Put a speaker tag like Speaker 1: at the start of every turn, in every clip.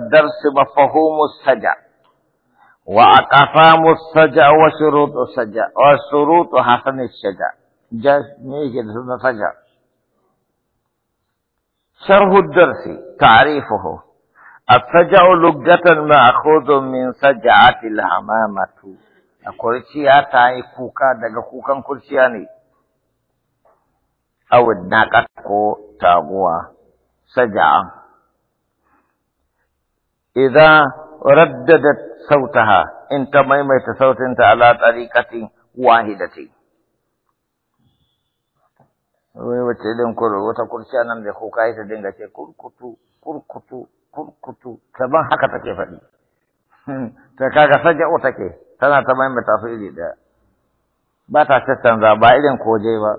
Speaker 1: الدرس مفهوم السجع وأقفام السجع وشروط السجع وشروط حسن السجع جاش ميجد هنا سجع شرح الدرس تعريفه السجع لغة مأخوذ من سجعة الحمامة الكرسية تاي كوكا دقا كوكا كرسياني أو الناقة كو تابوا سجعة idza raddadat sautaha in ta maimaita sautinta ala tariqatin wahidatin wai wacce din kuro wata kurciya nan da kuka yi ta dinga ce kurkutu kurkutu kurkutu saban haka take faɗi ta kaga saja'u take tana ta maimaita su iri ɗaya ba ta canza ba irin koje ba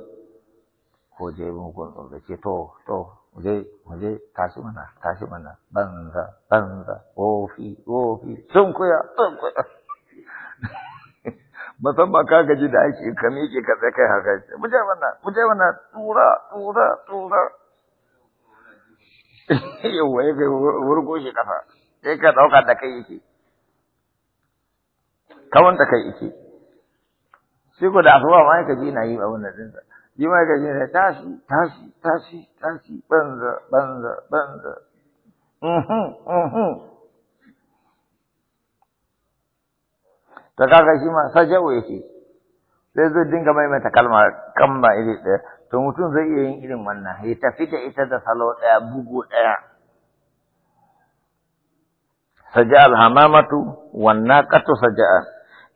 Speaker 1: ko je mugun ce to to muje muje tashi mana tashi mana banza banza wofi wofi sun kuya sun kuya musamman ka gaji da ake ka miƙe ka tsaye kai haka muje mana muje mana tura tura tura yawwa ya kai wurgo shi kafa sai ka ɗauka da kai yake kawanta kai yake shi ko da asuwa ma ka ji na yi abin da zinza. shi ma gaji ne tashi tashi tashi tashi banza banza banza mhm, mhm. ta kaga shi ma saja'u yake sai zai dinga maimaita kalma kamma iri ɗaya to mutum zai iya yin irin wannan ya tafi da ita da salo ɗaya bugu ɗaya سجأ الهمامة والناقة سجأت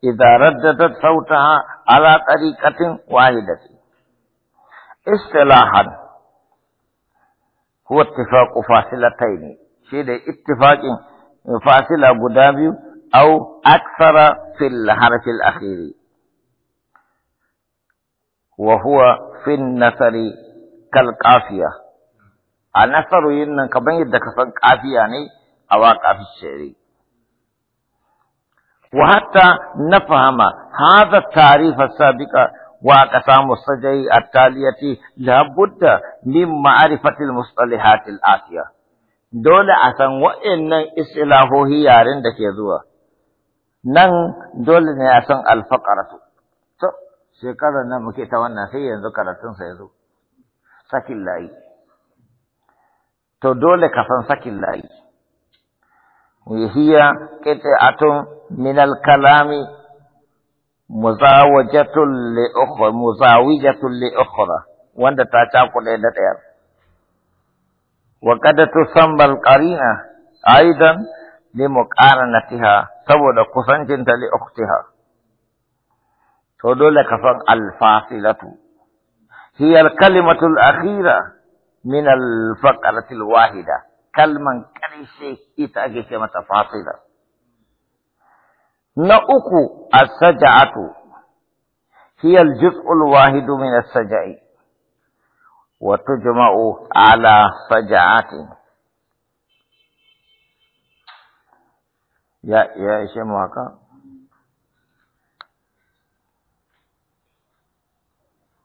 Speaker 1: إذا رددت صوتها على طريقة واحدة اصطلاحا هو اتفاق فاصلتين شيء ده اتفاق فاصلة قدابي أو أكثر في الحرف الأخير وهو في النثر كالقافية النثر ينن كبن يدك قافية يعني أواقع في الشعر وحتى نفهم هذا التعريف السابق wa aka samu sajai a taliyati labudda min ma'arifatil mustalihatil atiya dole a san wa'annan istilahohi yaren da ke zuwa nan dole ne a san alfaqaratu to shekarar nan muke ta wannan sai yanzu karatun sai zo sakin layi to dole ka san sakin layi wa hira qit'atun min minal kalami مزاوجة لأخرى مزاوجة لأخرى وأنت تعتقد إلى تيار وقد تسمى القرينة أيضا لمقارنتها سبب كسنجنت لأختها لك كفن الفاصلة هي الكلمة الأخيرة من الفقرة الواحدة كلمة كريسة إتاجة متفاصلة نأكو السجعة هي الجزء الواحد من السجع وتجمع على سجعة يا يا شيخ